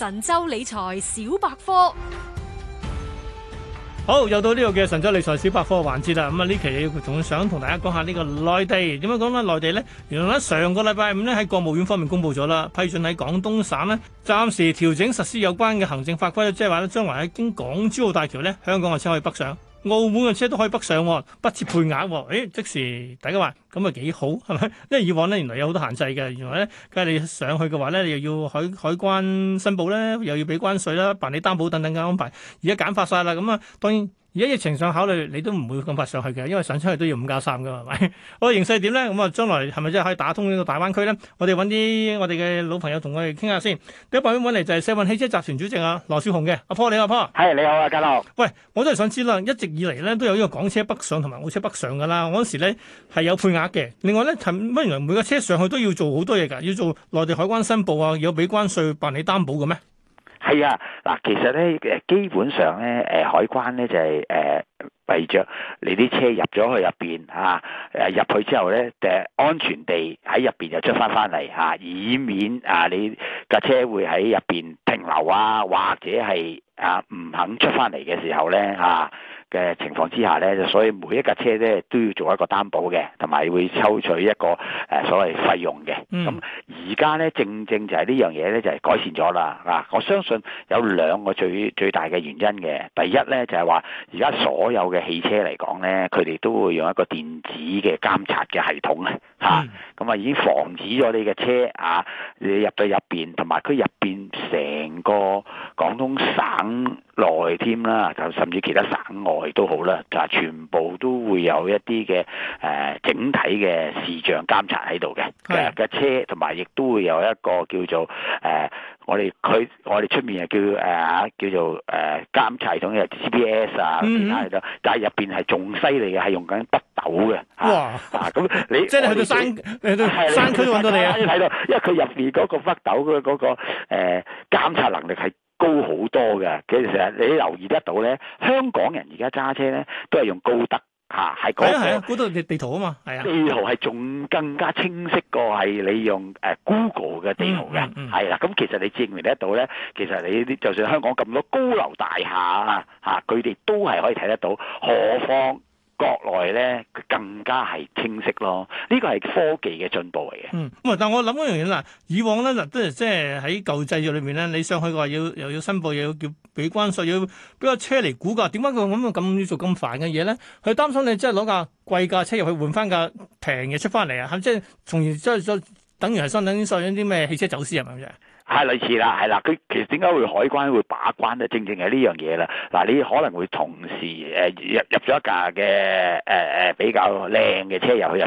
神州理財小百科，好又到呢個嘅神州理財小百科嘅環節啦。咁啊呢期，我仲想同大家講下呢個內地點樣講返內地呢，原來咧，上個禮拜五呢，喺國務院方面公布咗啦，批准喺廣東省呢，暫時調整實施有關嘅行政法規，即係話咧將來喺經港珠澳大橋呢，香港嘅車可以北上。澳門嘅車都可以北上喎，不設配額，誒、哎、即時大家話，咁啊幾好，係咪？因為以往咧，原來有好多限制嘅。原來咧，梗係你上去嘅話咧，你又要海海關申報啦，又要俾關稅啦，辦理擔保等等嘅安排，而家簡化晒啦，咁啊，當然。而家疫情上考慮，你都唔會咁快上去嘅，因為上出去都要五加三噶，係咪？我、 哦、形勢點咧？咁啊，將來係咪真係可以打通呢個大灣區咧？我哋揾啲我哋嘅老朋友同我哋傾下先。第一個揾嚟就係世運汽車集團主席啊，羅少雄嘅。阿婆，你阿婆？係你好啊，家樂。喂，我都係想知啦，一直以嚟咧都有呢個港車北上同埋澳車北上噶啦。嗰時咧係有配額嘅。另外咧，乜原來每個車上去都要做好多嘢㗎，要做內地海關申報啊，要俾關稅辦理擔保嘅咩？係啊，嗱，其實咧，誒基本上咧，誒海關咧就係誒為着你啲車入咗去入邊啊，誒入去之後咧，誒安全地喺入邊就出翻翻嚟啊，以免啊你架車會喺入邊停留啊，或者係啊唔肯出翻嚟嘅時候咧啊，嘅情況之下咧，所以每一架車咧都要做一個擔保嘅，同埋會抽取一個誒、呃、所謂費用嘅。咁而家咧，正正就係呢樣嘢咧，就係、是、改善咗啦。嗱、啊，我相信有兩個最最大嘅原因嘅。第一咧就係、是、話，而家所有嘅汽車嚟講咧，佢哋都會用一個電子嘅監察嘅系統啊。嚇，咁啊已經防止咗你嘅車啊，你入到入邊，同埋佢入邊成個廣東省內添啦，甚至其他省外都好啦，就全部都會有一啲嘅誒整體嘅視像監察喺度嘅。嘅嘅車同埋亦都會有一個叫做誒，我哋佢我哋出面啊叫誒叫做誒監察系統嘅 CPS 啊，其他嘢但係入邊係仲犀利嘅，係用緊北斗嘅嚇，咁你即係去到。山你喺山區揾到你啊？係咯，因為佢入邊嗰個北斗嘅嗰個誒監測能力係高好多嘅。其實你留意得到咧，香港人而家揸車咧都係用高德嚇，係嗰個高德地圖啊嘛。係啊，地圖係仲更加清晰過係你用誒 Google 嘅地圖嘅。係啦，咁其實你證明得到咧，其實你就算香港咁多高樓大廈啊嚇，佢哋都係可以睇得到，何況？國內咧佢更加係清晰咯，呢個係科技嘅進步嚟嘅。嗯，唔係，但係我諗一樣嘢啦，以往咧都係即係喺舊制度裏面咧，你上去話要又要申報，又要叫俾關稅，要俾個車嚟估價，點解佢咁要做咁煩嘅嘢咧？佢擔心你即係攞架貴價車入去換翻架平嘅出翻嚟啊！即係從而即係等於係新等於收緊啲咩汽車走私啊咁啫。是係類似啦，係啦，佢其實點解會海關會把關咧？正正係呢樣嘢啦。嗱，你可能會同時誒、呃、入入咗一架嘅誒、呃、比較靚嘅車入去入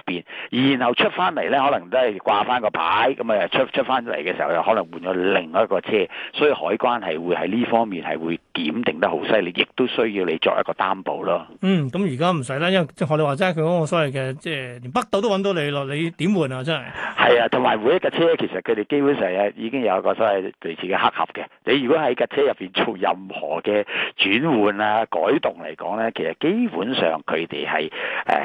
邊，然後出翻嚟咧，可能都係掛翻個牌，咁啊出出翻嚟嘅時候又可能換咗另外一個車，所以海關係會喺呢方面係會。檢定得好犀利，亦都需要你作一個擔保咯。嗯，咁而家唔使啦，因為我哋話齋，佢嗰個所謂嘅，即係連北斗都揾到你咯，你點換啊？真係係啊，同埋每一架車其實佢哋基本上係已經有一個所謂類似嘅黑盒嘅。你如果喺架車入邊做任何嘅轉換啊、改動嚟講咧，其實基本上佢哋係誒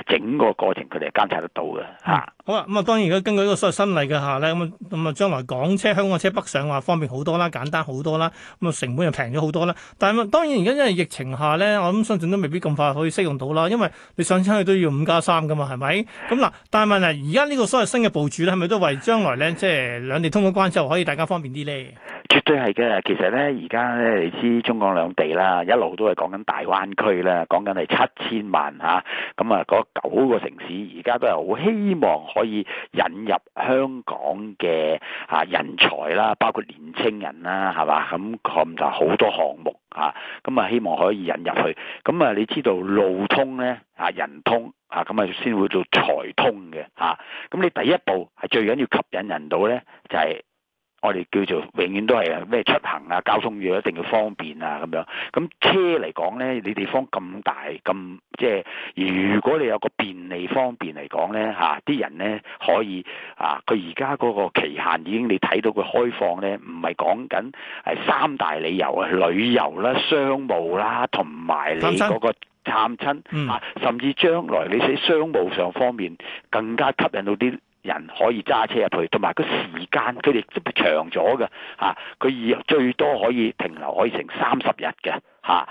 整個過程佢哋監察得到嘅嚇。好、嗯、啊，咁啊、嗯、當然啦，根據呢個所謂新例嘅下咧，咁咁啊將來港車香港車北上話方便好多啦，簡單好多啦，咁、嗯、啊成本又平咗好多啦。嗯但係，當然而家因為疫情下咧，我諗相信都未必咁快可以適用到啦。因為你上車去都要五加三噶嘛，係咪？咁嗱，但係問題，而家呢個所謂新嘅部署咧，係咪都為將來咧，即係兩地通過關之後可以大家方便啲咧？絕對係嘅，其實咧，而家咧，你知中港兩地啦，一路都係講緊大灣區啦，講緊係七千萬嚇，咁啊，嗰九個城市而家都係好希望可以引入香港嘅啊人才啦，包括年青人啦，係嘛？咁咁就好多項目嚇，咁啊，希望可以引入去。咁啊，你知道路通咧，啊人通啊，咁啊先會做財通嘅嚇。咁啊，你第一步係最緊要吸引人到咧，就係，是。我哋叫做永遠都係啊咩出行啊交通要一定要方便啊，咁樣，咁車嚟講咧，你地方咁大，咁，即係如果你有個便利方便嚟講咧吓，啲人咧可以啊，佢而家嗰個期限已經你睇到佢開放咧，唔係講緊係三大理由啊，旅遊啦、商務啦，同埋你嗰個探親啊，甚至將來你喺商務上方面更加吸引到啲。人可以揸車入去，同埋個時間佢哋都長咗嘅嚇，佢、啊、而最多可以停留可以成三十日嘅。嚇！咁、啊、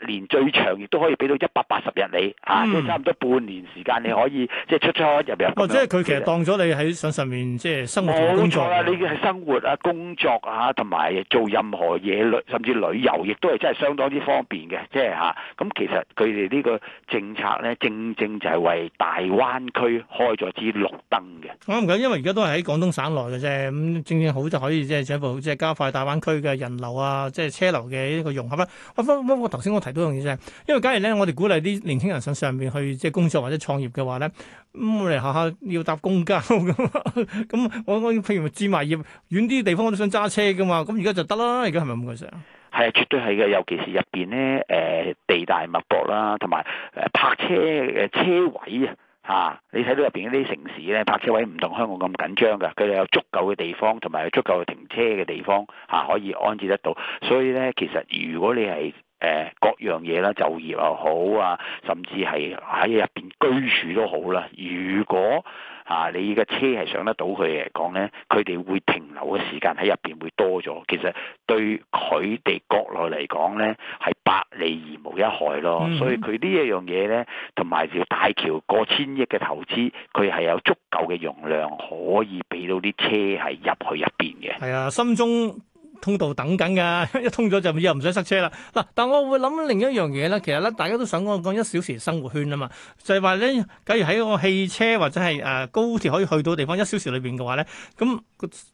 一年最長亦都可以俾到一百八十日你，嚇、啊，即、嗯、差唔多半年時間，你可以即係出，出出入入。哦，即係佢其實當咗你喺上上面，即係生活工作啦。你嘅生活啊、工作啊，同埋做任何嘢甚至旅遊，亦都係真係相當之方便嘅，即係嚇。咁、啊、其實佢哋呢個政策咧，正正就係為大灣區開咗支綠燈嘅。啱唔啱？因為而家都係喺廣東省內嘅啫，咁正正好就可以即係進一步即係加快大灣區嘅人流啊，即係車流嘅呢個融合啦、啊。我頭先我提到一樣嘢就係，因為假如咧我哋鼓勵啲年輕人上上邊去即係工作或者創業嘅話咧，咁、嗯、我哋下下要搭公交咁，咁、嗯、我我譬如置埋業遠啲地方我都想揸車噶嘛，咁而家就得啦，而家係咪咁嘅事啊？係啊，絕對係嘅，尤其是入邊咧，誒、呃、地大物博啦，同埋誒泊車嘅、呃、車位啊。啊！你睇到入邊啲城市咧，泊車位唔同香港咁緊張㗎，佢哋有足夠嘅地方同埋有足夠嘅停車嘅地方嚇、啊，可以安置得到。所以咧，其實如果你係誒、呃、各樣嘢啦，就業又好啊，甚至係喺入邊居住都好啦。如果嚇、啊、你嘅車係上得到佢嚟講咧，佢哋會停留嘅時間喺入邊會多咗。其實對佢哋國內嚟講咧，係。百利而無一害咯，嗯、所以佢呢一樣嘢咧，同埋條大橋過千億嘅投資，佢係有足夠嘅容量可以俾到啲車係入去入邊嘅。係啊，心中。通道等緊㗎，一通咗就又唔使塞車啦。嗱，但我會諗另一樣嘢咧，其實咧大家都想講講一小時生活圈啊嘛，就係話咧，假如喺個汽車或者係誒高鐵可以去到地方一小時裏邊嘅話咧，咁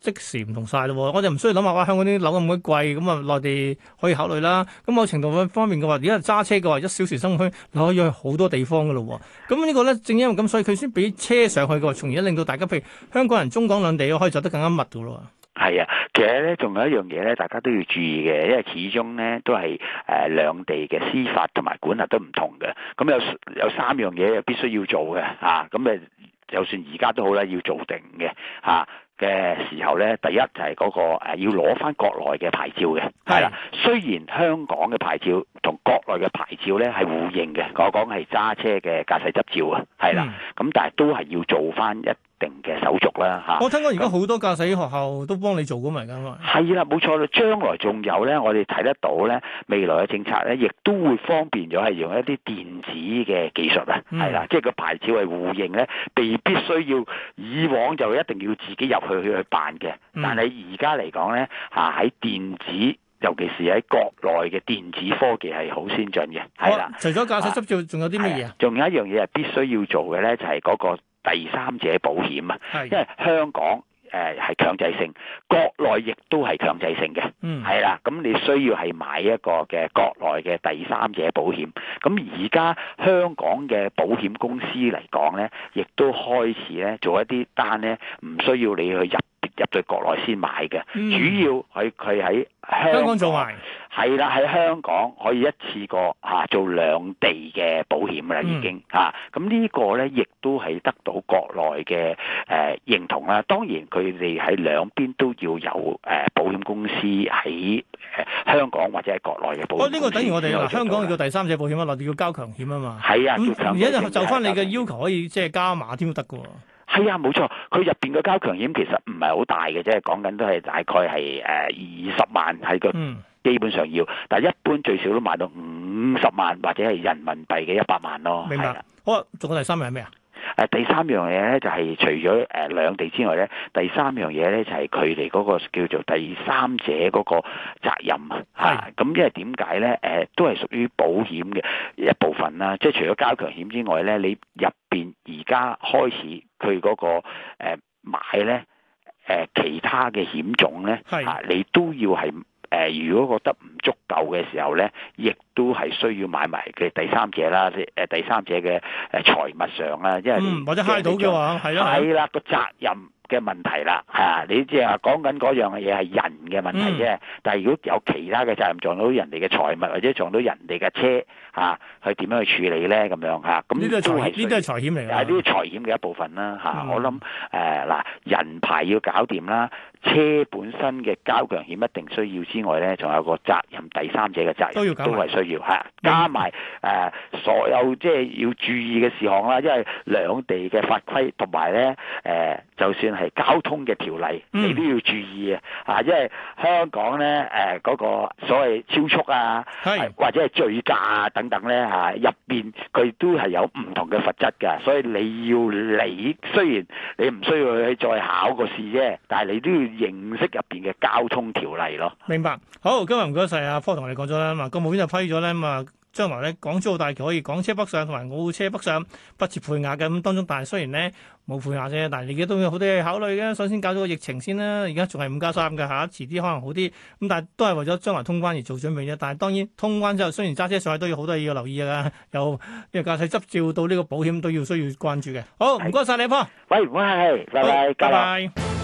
即時唔同曬咯。我就唔需要諗話話香港啲樓咁鬼貴，咁啊內地可以考慮啦。咁某程度方面嘅話，如果係揸車嘅話，一小時生活圈你可以去好多地方㗎咯。咁呢個咧，正因為咁，所以佢先俾車上去㗎，從而令到大家譬如香港人、中港兩地可以走得更加密㗎咯。係啊，其實咧，仲有一樣嘢咧，大家都要注意嘅，因為始終咧都係誒兩地嘅司法同埋管轄都唔同嘅。咁有有三樣嘢係必須要做嘅嚇，咁誒，就算而家都好啦，要做定嘅嚇嘅時候咧，第一就係嗰個誒要攞翻國內嘅牌照嘅。係啦，雖然香港嘅牌照同國內嘅牌照咧係互認嘅，我講係揸車嘅駕駛執照啊，係啦，咁但係都係要做翻一。定嘅手續啦嚇，我、哦、聽講而家好多駕駛學校都幫你做咁，咪㗎嘛。係啦，冇錯啦。將來仲有咧，我哋睇得到咧，未來嘅政策咧，亦都會方便咗係用一啲電子嘅技術啊。係啦、嗯，即係個牌子係互認咧，並必須要以往就一定要自己入去去去辦嘅。嗯、但係而家嚟講咧，嚇、啊、喺電子，尤其是喺國內嘅電子科技係好先進嘅。係啦、哦，的除咗駕駛執照，仲有啲乜嘢？仲有一樣嘢係必須要做嘅咧，就係、是、嗰、那個。第三者保險啊，因為香港誒係強制性，國內亦都係強制性嘅，係啦，咁你需要係買一個嘅國內嘅第三者保險。咁而家香港嘅、呃嗯、保險保險公司嚟講呢，亦都開始呢做一啲單呢，唔需要你去入。入到國內先買嘅，嗯、主要佢佢喺香港做埋，係啦喺香港可以一次過嚇做兩地嘅保險啦，嗯、已經嚇。咁、啊、呢個咧，亦都係得到國內嘅誒、呃、認同啦。當然佢哋喺兩邊都要有誒、呃、保險公司喺香港或者係國內嘅保險公司。哦，呢、呢個等於我哋香港叫第三者保險啊，嗱要交強險啊嘛。喺啊的，咁而家就就翻你嘅要求，可以即係加碼添都得嘅。係啊，冇錯，佢入邊嘅交強險其實唔係好大嘅啫，講緊都係大概係誒二十萬喺個、嗯、基本上要，但係一般最少都買到五十萬或者係人民幣嘅一百萬咯。明白。好，仲有第三樣係咩啊？誒，第三樣嘢咧就係除咗誒、呃、兩地之外咧，第三樣嘢咧就係佢哋嗰個叫做第三者嗰個責任啊。係。咁因為點解咧？誒，都係屬於保險嘅一部分啦。即係除咗交強險之外咧，你入邊而家開始。佢嗰、那個誒、呃、買咧，誒、呃、其他嘅險種咧嚇是的、啊，你都要係誒、呃，如果覺得唔足夠嘅時候咧，亦都係需要買埋嘅第三者啦，誒第三者嘅誒財物上啦、啊，因為、嗯、或者揩到嘅話，係啦，係啦，個責任。嘅問題啦，嚇、啊、你即係話講緊嗰樣嘅嘢係人嘅問題啫。嗯、但係如果有其他嘅責任撞到人哋嘅財物，或者撞到人哋嘅車，嚇、啊，去點樣去處理咧？咁樣嚇，咁呢啲都財，呢啲都財險嚟嘅。係呢個財險嘅一部分啦，嚇、啊。嗯、我諗誒嗱，人牌要搞掂啦。車本身嘅交強險一定需要之外咧，仲有個責任第三者嘅責任都係需要吓，加埋誒、呃、所有即係要注意嘅事項啦。因為兩地嘅法規同埋咧誒就算係交通嘅條例，你都要注意、嗯、啊吓，因為香港咧誒嗰個所謂超速啊，是或者係醉駕啊等等咧吓入邊佢都係有唔同嘅罰則嘅，所以你要理雖然你唔需要去再考個試啫，但係你都要。形式入邊嘅交通條例咯，明白。好，今日唔該晒阿科同我哋講咗啦。咁啊國務院就批咗咧，咁啊將來咧港珠澳大橋可以港車北上同埋澳車北上不設配額嘅，咁、嗯、當中但係雖然咧冇配額啫，但係你嘅都要有好多嘢考慮嘅。首先搞咗個疫情先啦，而家仲係五加三嘅，嚇遲啲可能好啲，咁但係都係為咗將來通關而做準備啫。但係當然通關之後，雖然揸車上去都要好多嘢要留意㗎，由即係駕駛執照到呢個保險都要需要關注嘅。好，唔該晒你，阿科的，喂，拜拜，拜拜。